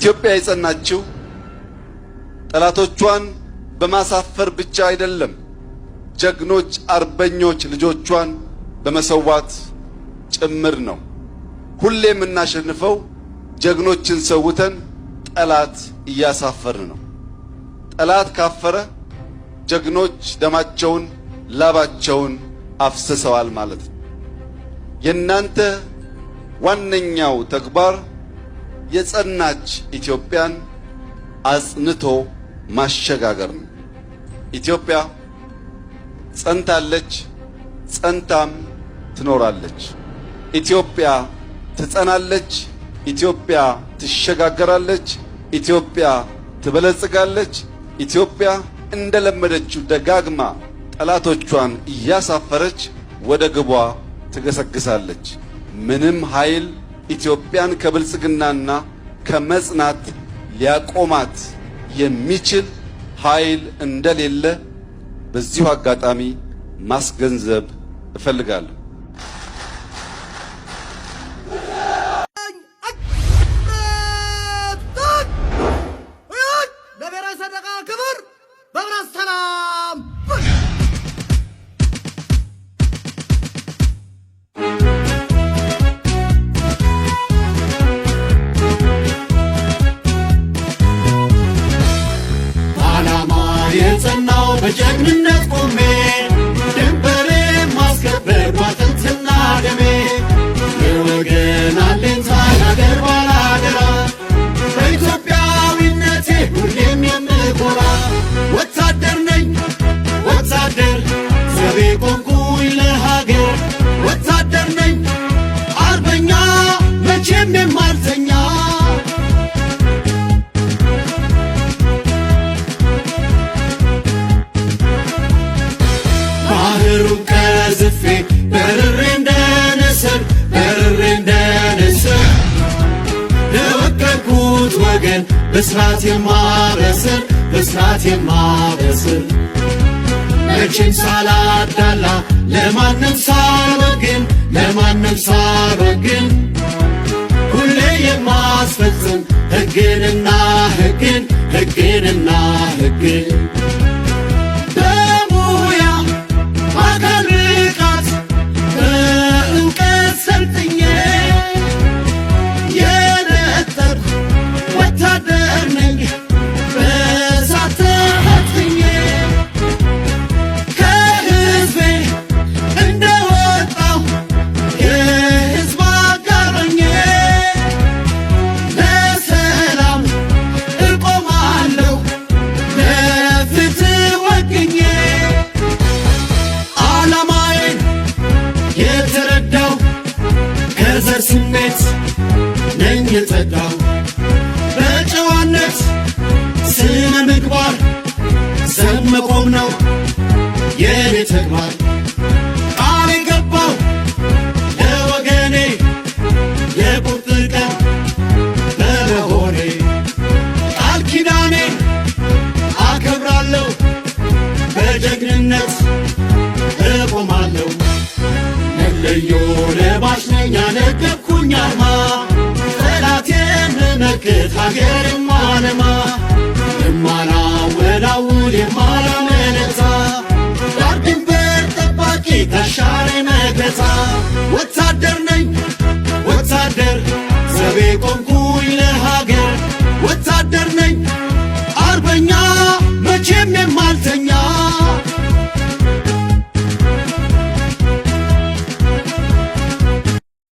ኢትዮጵያ የጸናችው ጠላቶቿን በማሳፈር ብቻ አይደለም፣ ጀግኖች አርበኞች ልጆቿን በመሰዋት ጭምር ነው። ሁሌ የምናሸንፈው ጀግኖችን ሰውተን ጠላት እያሳፈርን ነው። ጠላት ካፈረ ጀግኖች ደማቸውን ላባቸውን አፍስሰዋል ማለት ነው። የእናንተ ዋነኛው ተግባር የጸናች ኢትዮጵያን አጽንቶ ማሸጋገር ነው። ኢትዮጵያ ጸንታለች፣ ጸንታም ትኖራለች። ኢትዮጵያ ትጸናለች፣ ኢትዮጵያ ትሸጋገራለች፣ ኢትዮጵያ ትበለጽጋለች። ኢትዮጵያ እንደለመደችው ደጋግማ ጠላቶቿን እያሳፈረች ወደ ግቧ ትገሰግሳለች። ምንም ኃይል ኢትዮጵያን ከብልጽግናና ከመጽናት ሊያቆማት የሚችል ኃይል እንደሌለ በዚሁ አጋጣሚ ማስገንዘብ እፈልጋለሁ። ለብሔራዊ ሰንደቅ ክብር በብረት ሰላም በጀግንነት ቆም ብስራት የማበስር ብስራት የማበስር መቼም ሳላዳላ ለማንም ሳልወግን ለማንም ሳልወግን ሁሌ የማስፈጽም ሕግንና ሕግን ሕግንና ሕግን ጨዋነት ስነ ምግባር ዘብ መቆም ነው የኔ ተግባር። ቃል ገባው ለወገኔ የቁርጥ ቀን በመሆኔ ቃል ኪዳኔ አከብራለሁ በጀግንነት እቆማለሁ። መለዮ ለባሽ ነኝ ያነገኩኝ አርማ ምልክት ሀገርማ አለማ